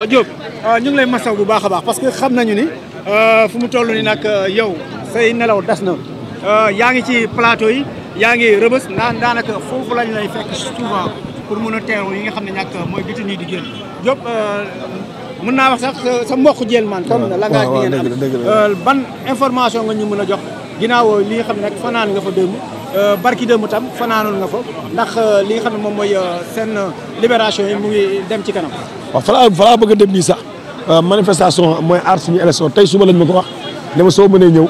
Diop euh, ñu ngi lay masaw bu baax a baax parce que xam nañu ni euh, fu mu toll ni nag euh, yow say nelaw das na yaa ngi ci plateau yi yaa ngi rëbës naan daanaka foofu lañ lay fekk souvent pour mën a teeru yi nga xam ne nag mooy biti nii di génn Diop mën naa wax sax sa mbokk jël man comme langage bi ngeen am ban information nga ñu mën a jox ginnaaw li nga xam ne nag fanaan nga fa démb Euh, barki démb tam fanaanoon nga fa ndax euh, li nga xam ne moom mooy euh, seen libération yi mu ngi dem ci kanam. waaw falaa falaa bëgg a dem nii sax manifestation mooy aar suñu élection tey suba lañ ma ko wax ne ma soo mënee ñëw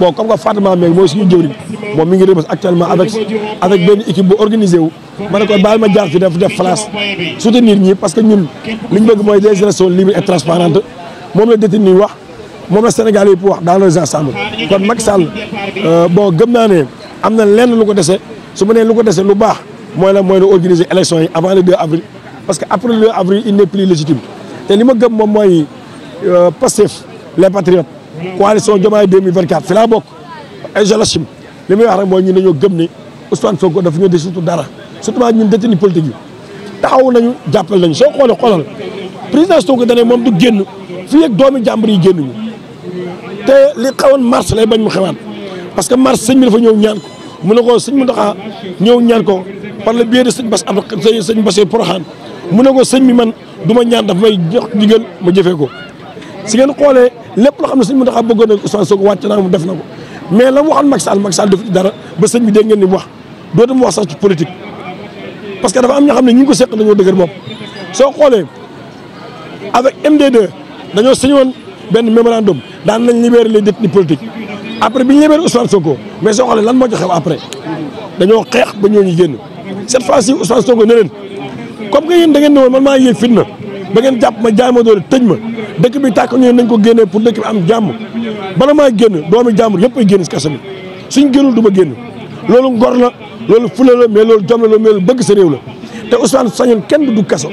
bon comme que Fatma Mbengue mooy suñu jëwriñ moom mi ngi Rebeuss actuellement avec avec benn équipe bu organisé ma ne ko baal ma jaar fi def def place soutenir ñi parce que ñun li ñu bëgg mooy des élections libres et transparentes moom la détenu wax moom la Sénégal yëpp wax dans kon Macky Sall bon gëm naa ne. am na lenn lu ko dese su ma nee lu ko dese lu baax mooy la mooy la organiser élection yi avant le 2 avril parce que après le 2 avril il n'est plus légitime te li ma gëm moom mooy euh, Pastef les patriotes coalition Diomaye 2024 fi laa bokk ay jolachim li muy wax rek mooy ñun dañoo gëm ni Ousmane Sonko daf ñoo de surtout dara surtout ñun détenu politique yi taxaw nañu jàppal nañu soo xoolee xoolal président Sonko dane moom du génn fii ak doomi jàmbur yi génnuñu te li xawoon mars lay bañ mu xewaat parce que mars señ bi dafa ñëw ñaan ko ko sëñ Mountakha ñëw ñaan ko par le biais de ko sëñ man du ma ñaan daf may ma jëfee ko si ngeen xoolee lépp loo xam ne sëñ Mountakha bëggoon na Ousmane Sonko wàcc naa mu na ko mais la mu waxoon Macky Sall Macky Sall ni mu wax parce que dafa am ñoo xam ne ñu ngi ko seq dañoo dëgër bopp soo xoolee avec MDD dañoo sëñoon benn mémorandum daan nañ libérer les détenus politiques après bi ñu yemee Ousmane Sonko mais soo xoolee lan moo ci xew après dañoo xeex ba ñooñu génn cette fois ci Ousmane Sonko ne leen comme que yéen da ngeen ne woon man maa yéeg fitna ba ngeen jàpp ma jaay ma doole tëj ma dëkk bi tàkk ñu nañ ko génnee pour dëkk bi am jàmm bala génn doomi jàmbur yëpp ay génn si kaso suñ génnul du ma génn loolu ngor la loolu fula la mais loolu jom la mais loolu bëgg sa réew la te Ousmane sañoon kenn du dugg kaso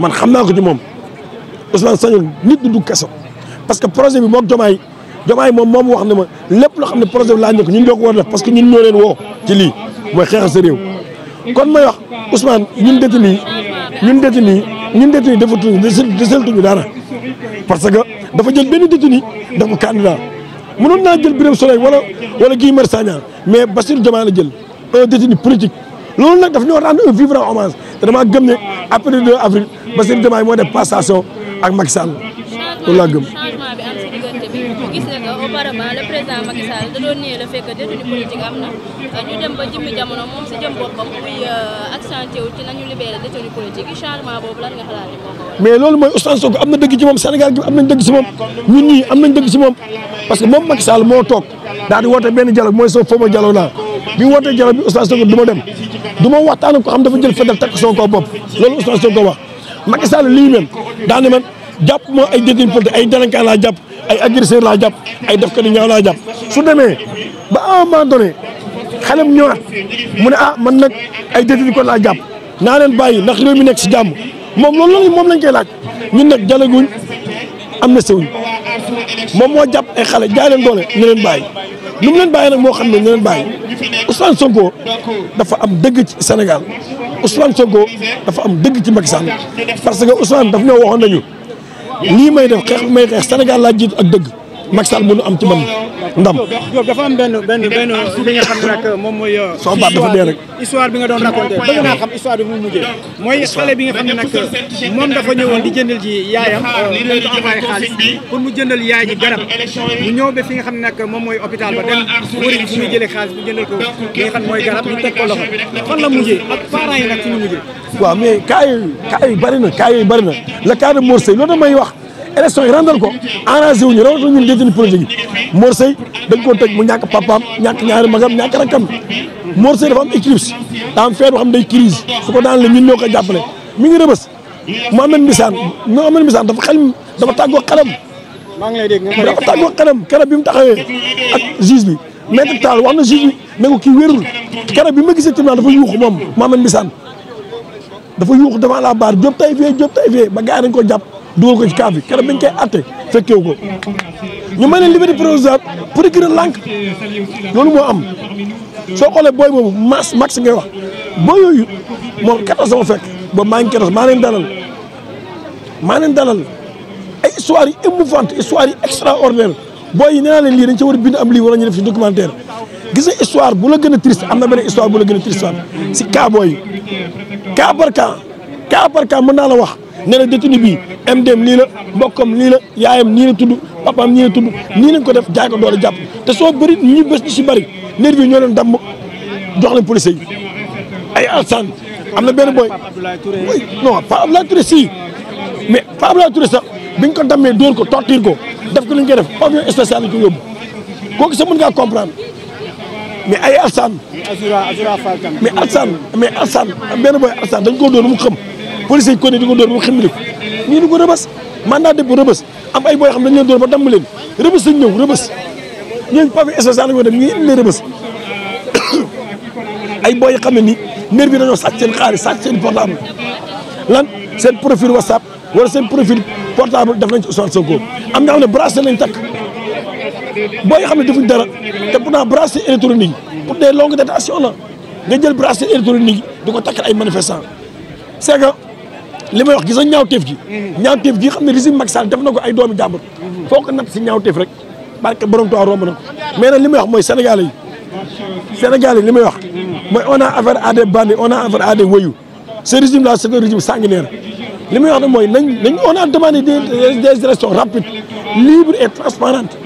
man xam naa ko ci moom Ousmane sañoon nit bu dugg kaso parce que projet bi moog jomaay jomaay moom moom wax na ma lépp loo xam ne projet bi laaj na ko ñun doo ko war def parce que ñun ñoo woo ci lii mooy xeexal sa kon may wax Ousmane ñun détenu ni ñun détenu yi ñun détenu dafa tuñ deseltuñu dara parce que dafa jël benn détenu def ko candidat mënoon naa jël Birame Souleye wala wala Guy Marius mais Bassirou Diomaye la jël un détenu politique loolu nag daf ñoo rendre un vibrant hommage te damaa gëm ne après le 2 avril Bassirou Diomaye moo def passation ak Macky Sall loolu laa gëm auparavant le président Macky am na ñu euh, ci nañu libéré mais loolu mooy Ousmane Sonko am na dëgg ci moom Sénégal gi am nañ dëgg si moom ñun ñii am nañ dëgg moom parce que moom Macky Sall moo toog daal di woote benn dialogue mooy soo fooma dialogue laa bi wootee dialogue bi Ousmane Sonko du ma dem du ma ko xam dafa jël feddal takk Sonko lii même daa ne jàpp ma ay détenu politique ay délinquant jàpp ay agresseur laa jàpp ay def ko di ñaaw laa jàpp su demee ba à un moment donné xelam ñëwaat mu ne ah man nag ay détenu ko laa jàpp naa leen bàyyi ndax réew mi nekk si jàmm moom loolu la moom lañ kee laaj ñun nag jalaguñ am na sewuñ moom moo jàpp ay xale jaay leen doole ñu leen bàyyi nu leen bàyyi nag moo xam ne ñu leen bàyyi Ousmane Sonko dafa am dëgg ci Sénégal Ousmane Sonko dafa am dëgg ci Macky Sall parce que Ousmane daf ñoo waxoon nañu lii may def xeex bi may xeex ak dëgg Macky Sall mënu am ci man ndam. Diop dafa am benn benn nga xam ne nag moom mooy. Euh, soo baat dafa dee rek histoire bi nga doon raconté bëgg naa xam histoire bi mu mujjee. mooy xale bi nga xam ne nag moom dafa ñëwoon di jëndal ji yaayam dañ ko euh, mu jëndal yaay ji garab mu ñëw ba fi nga xam ne nag moom mooy hôpital ba dem wëri fu muy jëlee xaalis bu jëndal ko li nga xam mooy garab ñu teg ko loxo fan la mujjee ak parents nag fi ñu mujjee. waaw mais na cas yooyu na le cas de wax élection yi rendal ko arrangé wuñu rawatina ñun détenu politique yi Mor Seye dañ koo tëj mu ñàkk papaam ñàkk ñaari magam ñàkk rakkam Mor Seye dafa am éclipse daa am feebar boo xam day crise su ko daan la ñun ñoo ko jàppale mi ngi rëbës Mohamed Mbissane Mohamed Mbissane dafa xel dafa tàggoo xalam maa ngi lay dégg nga dafa tàggoo xalam keroog bi mu taxawee ak juge bi maître Tall wax na juge bi ne ko kii wérul keroog bi ma gisee tribunal dafa yuuxu moom Mohamed Mbissane dafa yuuxu devant la barre Diop tay fee Diop tay fee ba gars yi jàpp dugal ko ci kaaf bi keroog biñ koy atte fekkewu ko ñu may leen liberté provisoire procureur lànk loolu moo am soo xoolee booy boobu max max ngay wa booy yooyu moom quatorze sama fekk ba maa ngi quatorze maa leen dalal maa leen dalal ay histoire yi émouvante histoire yi extraordinaire booy yi nee naa leen lii dañ ci war a bind am lii wala ñu def ci documentaire gis nga histoire bu la gën a triste am na beneen histoire bu la gën a triste si cas booy yi cas par cas mën naa la wax ne la détenu bii MDM lii la mbokkam lii la yaayam nii la tudd papaam nii la tudd nii lañ ko def jaay ko doole te soo bëri ñu bés si bëri nervi yi ñoo leen damm jox leen policier yi ay alsan am na benn booy non Pape Abdoulaye Touré si mais Pape Abdoulaye Touré sax biñ ko dammee dóor ko torture ko def ko li ñu koy def avion spécial lañ ko yóbbu kooku sax mën ngaa comprendre mais ay alsan mais alsan mais alsan benn booy alsan dañ koo dóor mu xam police yi ko ne di ko dóor ba ximli ko ñu ngi ko rëbës mandat de rëbës am ay booy xam dañu leen dóor ba damm leen rëbës dañu ñëw rëbës ñooñu papier spécial la ñu dem ñu ngi indi rëbës ay booy xam ne ni maire bi dañoo sàcc seen xaalis sàcc seen portable lan seen profil whatsapp wala seen profil portable def nañ ci Ousmane Sonko am ne xam ne bracelet lañ takk booy xam ne defuñ dara te naa bracelet électronique pour des longues détentions la nga jël bracelet électronique di ko takkal ay manifestants c'est li may wax gis nga ñaaw teef gi mhm. ñaaw teef gi xam ne régime Macky Sall def na ko ay doomi jàmbur foo ko natt si ñaaw teef rek barke borom Tuubaa romb mais nag li may wax mooy sénégalais yi sénégalais yi li may wax mooy on a affaire à des bandits a affaire à des wëyu ce régime là c'est régime sanguinaire li may wax nag mooy nañ nañ on a demandé des élections rapides libres et transparentes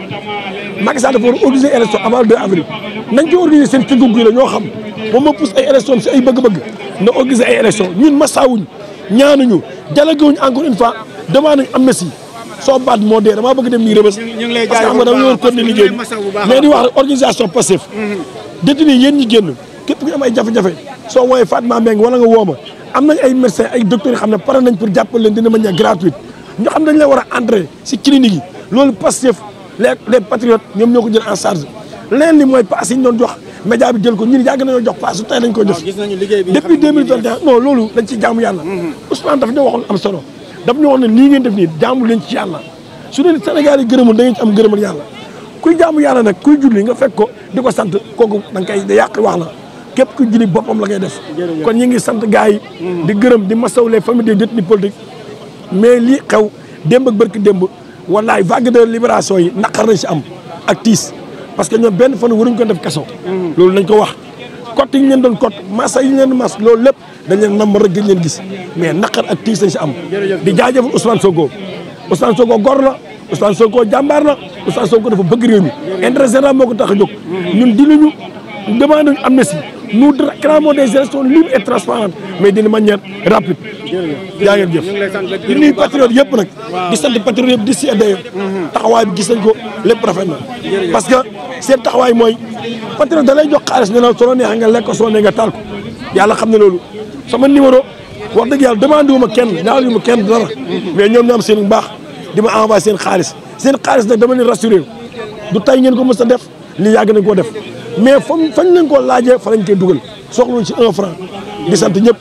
Macky Sall dafa a organiser élection avant le 2 avril nañ ci organiser seen tëggu yi la ñoo xam moom ma pousse ay bëgg-bëgg na organiser ay élection ñun masawuñ ñaanuñu dialogue wuñ encore une fois demande nañ amnistie soo baat moo dee damaa bëgg dem nii rëbës. ñu ngi lay jaajëfal bu baax parce que xam nga dama yor continuer liggéey mais di wax organisation Pastef. Mm-hmm. ñi génn képp ku am ay jafe-jafe soo woowee Fatma Mbengue wala nga woo am nañ ay médecins ay docteurs yoo xam ne pare nañ pour jàppale leen dina manière gratuite ñu xam dañ lay war a entrer si clinique yi loolu Pastef le les patriotes ñoom ñoo ko jël en charge leen li mooy paas yi ñu doon jox média bi jël ko ñun yàgg nañoo jox paas su tey ko def depuis 2021 non loolu dañ ci jaamu yàlla mm-hmm. Ousmane daf ne waxul am solo daf ñu wax ne lii nii jaamu leen ci yàlla su dee Sénégal yi gërëmul da ngeen ci am gërëmal yàlla kuy jaamu yàlla nag kuy julli nga fekk ko di ko sant kooku da nga koy da yàq wax la képp ku julli boppam la def kon ñu ngi sant gars yi mm-hmm. di gërëm di masaw les familles des détenus politiques mais lii xew démb ak barki démb wallaay vague de libération yi naqar nañ si am ak tiis parce que ñoom benn fan waruñ ko def kaso. loolu nañ ko wax. cote ñu leen doon cote massa yi ñu leen mas loolu lépp dañ leen namm rek dañ leen gis mais naqar ak tiis lañ si am. di jaajëfal Ousmane Sonko Ousmane Sonko gor la Ousmane Sonko jàmbaar la Ousmane Sonko dafa bëgg réew mi. intérêt général moo ko tax a jóg. ñun dinañu demandé ñu amnistie nous réclamons des élections libres et transparentes mais d'une manière rapide. jaa ngeen jëf di nuyu nag. di sant patriote seen taxawaay mooy patron da lay jox xaalis ne la soo neexee lekk soo nee nga taal ko yàlla ne loolu sama numéro wax dëgg yàlla demandé wu ma kenn ñaanal wu ma kenn dara mais ñoom ñoo am seen baax di ma envoyé seen xaalis seen xaalis nag dama leen du tay ko mës a def li yàgg nañ koo def mais fañ fañ leen koo laajee fa lañ koy dugal soxluñ ci un franc di sant